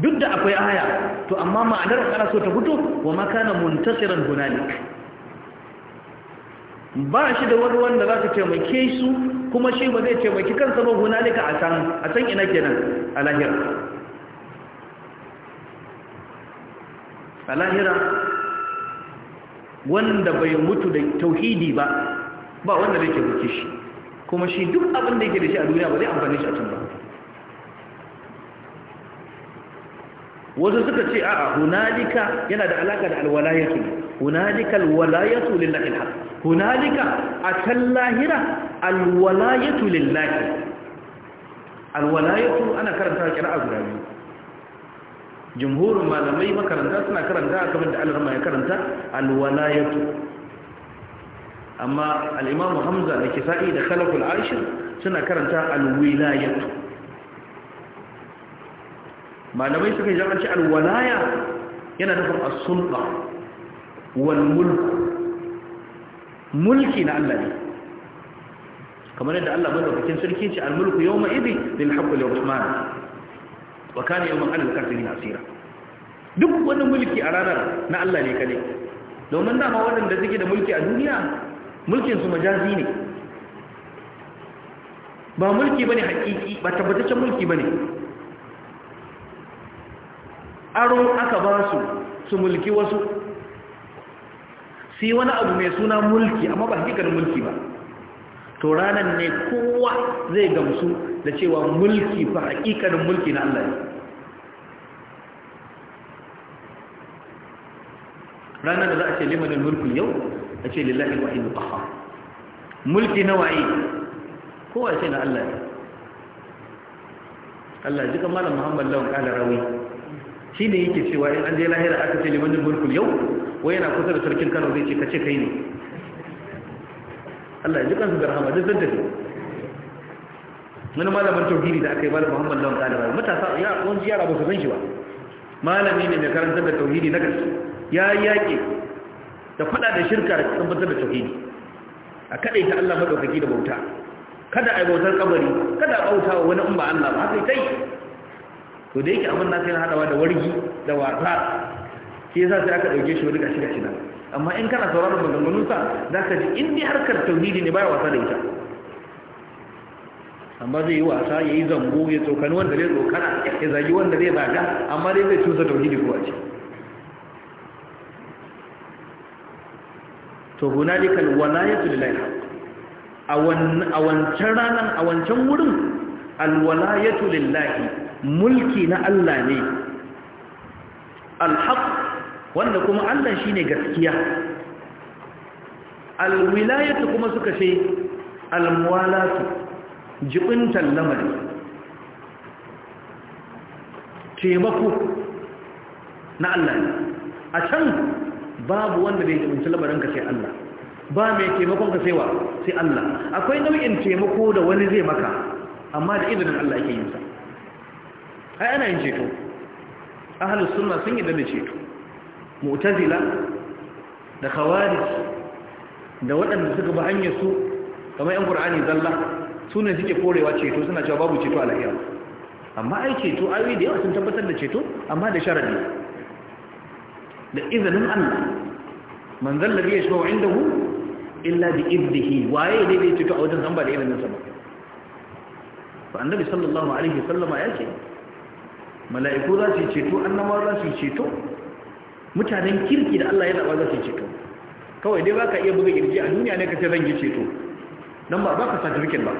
duk da akwai aya to amma ma'anar kana so ta fito wa ma kana muntasiran hunalik ba shi da wani wanda za ka taimake su kuma shi ba zai taimaki kansa ba hunalika a can a can ina kenan a lahira a lahira wanda bai mutu da tauhidi ba ba wanda zai taimaki shi kuma shi duk abin da yake da shi a duniya ba zai amfani shi a can ba wasu suka ce a'a hunalika yana da alaka da alwalayatu hunalika alwalayatu lillahi alhaq hunalika a kan lahira alwalayatu lillahi alwalayatu ana karanta kira'a guda biyu jumhurin malamai makaranta suna karanta kamar da alrama ya karanta alwalayatu amma al'imamu hamza da kisa'i da khalaful ashir suna karanta alwilayatu malamai suka jamanci alwalaya yana nufin as wal mulki na Allah ne kamar yadda Allah madaukakin sarki ce al-mulku yawma idhi lil haqqi lir rahman wa kana yawman 'ala al-kafirin asira duk wani mulki a ranar na Allah ne kadai domin dama waɗanda suke da mulki a duniya mulkin su majazi ne ba mulki bane hakiki ba tabbataccen mulki bane aro aka ba su su mulki wasu sai wani abu mai suna mulki amma ba hakikanin mulki ba to ranar ne kowa zai gamsu da cewa mulki fa hakikanin mulki na Allah ne ranar da za a ce limanin mulkin yau a ce lillahi wahidu ƙafa mulki na waye kowa ce na Allah ne Allah jikan malam Muhammad lawan ƙala rawi shi ne yake cewa in an je lahira aka ce limanin mulkin yau wai yana kusa da sarkin Kano zai ce kace kai ne Allah ya ji kansu da rahama duk sun tafi wani malamin tauhidi da aka yi malam Muhammad Lawan Kalaba matasa ya wani yara ba su shi ba malami ne mai karantar da tauhidi na gaske ya yaƙi da faɗa da shirka da tabbatar da tauhidi a kaɗai ta Allah maɗaukaki da bauta kada a yi bautar kabari kada a bauta wa wani umma Allah ba haka kai to da yake abin na sai haɗawa da wargi da wasa shi yasa sai aka ɗauke shi wani gashi gashi nan amma in kana sauraron maganganunsa za ka ji in dai harkar tauhidi ne baya wasa da ita amma zai yi wasa ya yi zango ya tsokani wanda zai tsokana ya zagi wanda zai zaga amma dai zai cusa tauhidi kuwa ce to kan ya tuli lillahi a wancan ranar a wancan wurin alwala ya tuli lillahi mulki na Allah ne alhaq wanda kuma Allah shi ne gaskiya alwilayatu kuma suka ce almuwalatu jibintan lamari taimako na Allah ne a can babu wanda zai jibinci lamarin ka sai Allah ba mai taimakon ka sai wa sai Allah akwai nau'in taimako da wani zai maka amma da izinin Allah ake yinsa. sa ai ana yin ceto ahlus sunna sun yi da ceto mu'tazila da khawarij da waɗanda suka ba hanyar su kamar yan qur'ani zalla su ne suke korewa ceto suna cewa babu ceto a lahira amma ai ceto ayoyi da yawa sun tabbatar da ceto amma da sharadi da izinin Allah man zalla bi yashfa'u indahu illa bi idnihi waye ne zai ceto a wajen zamba da izinin sa ba fa annabi sallallahu alaihi wasallama ya ce mala'iku za su ceto annabawa za su ceto mutanen kirki da Allah ya zaba za su ceto kawai dai baka iya buga kirki a duniya ne ka ce zan yi ceto dan ba baka certificate ba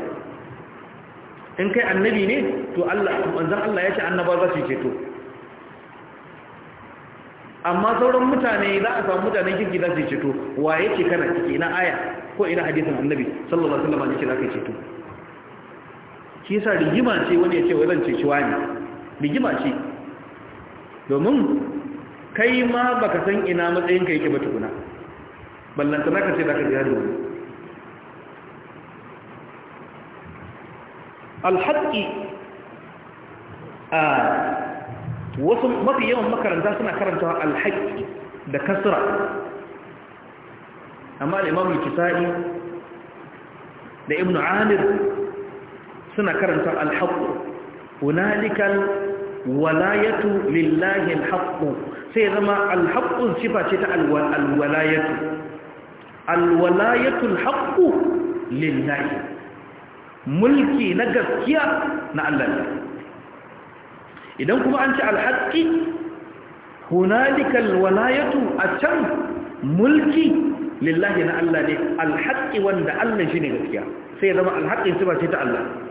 in kai annabi ne to Allah manzon Allah ya ce annaba za su ceto amma sauran mutane za a samu mutanen kirki za su ceto wa yake kana kike na aya ko ina hadisin annabi sallallahu alaihi wasallam yake za ka ceto shi yasa rigima ce wani ya ce wai zan ceci wani rigima ce domin kai ma baka san ina matsayin ka yake ba tukuna ballanta na ka ce da ka jihar da wani alhaƙi a wasu mafi yawan makaranta suna karanta alhaƙi da kasra amma al'imamun kisa'i da ibn amir suna karanta alhaƙi hunalikal walayatu lillahi alhaqqu sai zama alhaqqu sifa ce ta alwalayatu alwalayatu alhaqqu lillahi mulki na gaskiya na Allah idan kuma an ce alhaqqi hunalika walayatu a can mulki lillahi na Allah ne alhaqqi wanda Allah shi ne gaskiya sai zama alhaqqin sifa ce ta Allah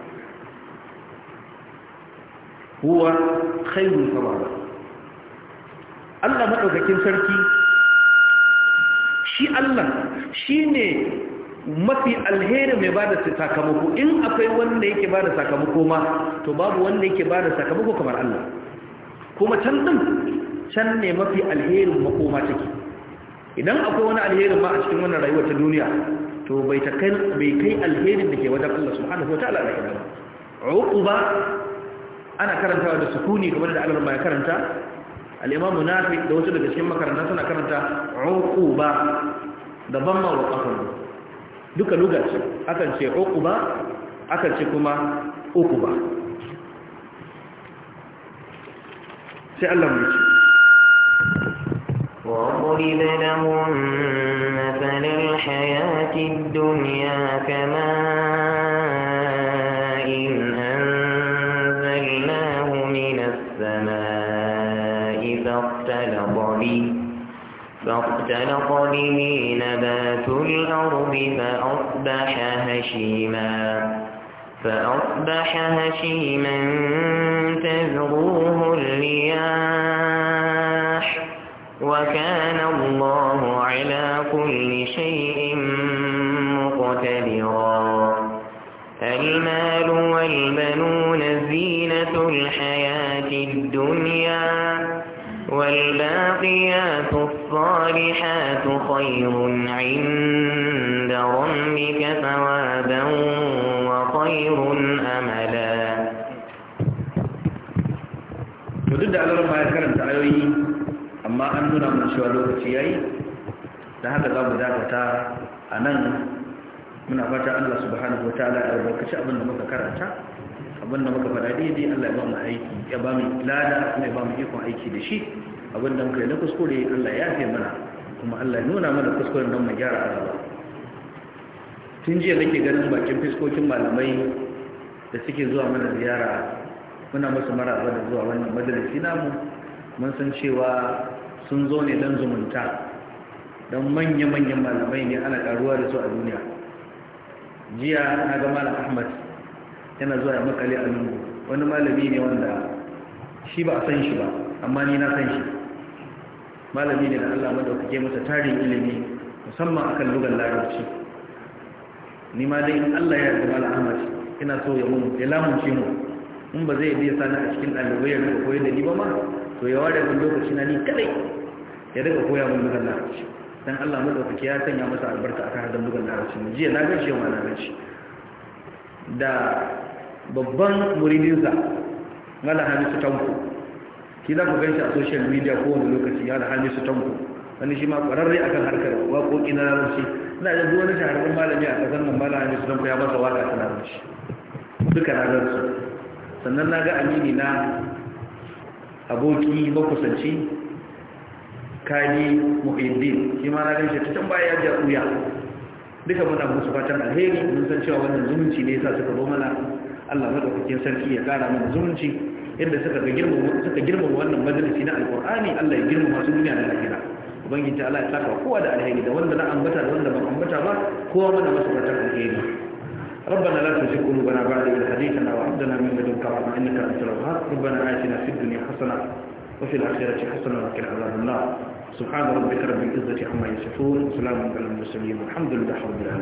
huwa khairun samara Allah madaukakin sarki shi Allah shine mafi alheri mai bada sakamako in akwai wanda yake bada sakamako ma to babu wanda yake bada sakamako kamar Allah kuma can din can ne mafi alherin makoma take idan akwai wani alherin ba a cikin wannan rayuwar ta duniya to bai kai alherin da ke wajen Allah subhanahu wataala da ba uquba ana karantawa da sukuni kamar da alarma ya karanta al'imamu nafi da wasu daga cikin makaranta suna karanta uquba da ban mawa kafin duka lugaci akan ce uquba akan ce kuma uquba sai Allah mu ce وَضَرِبَ لَهُم مَّثَلَ الْحَيَاةِ الدُّنْيَا كَمَاءٍ أحسن قلمي نبات الأرض فأصبح هشيما فأصبح هشيما تذروه الرياح وكان الله على كل شيء مقتدرا المال والبنون زينة الحياة الدنيا والباقيات الصالحات الصالحات خير عند ربك ثوابا وخير أملا ودد على ربما يذكرت عليه أما أننا من شوالوك تيأي لهذا الغاب ذاك وتارا أنن من أفاتا الله سبحانه وتعالى أربوك شعبنا مكاكرتا abin da muka faradi ne Allah ya ba mu aiki ya ba mu lada kuma abin da muka na kuskure Allah ya fi mana kuma Allah nuna mana kuskuren don mu gyara a tun jiya nake ganin bakin fiskokin malamai da suke zuwa mana ziyara muna musu maraba da zuwa wannan madarasi namu mun san cewa sun zo ne don zumunta don manya-manyan malamai ne ana karuwa da su a duniya jiya na ga malam ahmad yana zuwa ya makale a lungu wani malami ne wanda shi ba a san shi ba amma ni na san shi malami ne da Allah madaukake masa tarin ilimi musamman akan lugar larabci ni ma dai in Allah ya yarda malam Ahmad ina so ya mun ya lamunce mu in ba zai biya sana a cikin ɗalibai ya rika koyar da ni ba ma to ya ware mun lokaci na ni kadai ya rika koya mun lugar larabci dan Allah madaukake ya sanya masa albarka akan hadan lugar larabci jiya na gaishe wa na da babban muridinsa malam Hamisu Tanko Ki za ku gan shi a social media kowane lokaci ya hali su tanko wani shi ma ƙwararre a kan harkar waƙoƙi na larabci ina da wani shaharar malami a ƙasar nan hali su tanko ya masa waƙa ta larabci duka na gansu sannan na ga amini na aboki makusanci kani muhimmin shi ma na ganshi cikin baya ya uya duka muna musu fatan alheri mun san cewa wannan zumunci ne ya sa suka zo mana Allah maɗaukakin sarki ya ƙara mana zumunci yadda suka ga girmama suka girmama wannan majalisi na alqur'ani Allah ya girmama su duniya da lahira ubangiji ta Allah ya saka kowa da alheri da wanda na ambata da wanda ba ambata ba kowa mana masa fatan alheri ربنا لا تزغ قلوبنا بعد إذ هديتنا وهب لنا من لدنك رحمة إنك أنت الوهاب ربنا آتنا في الدنيا حسنة وفي الآخرة حسنة وقنا عذاب النار سبحان ربك رب العزة عما يصفون وسلام على المرسلين والحمد لله رب العالمين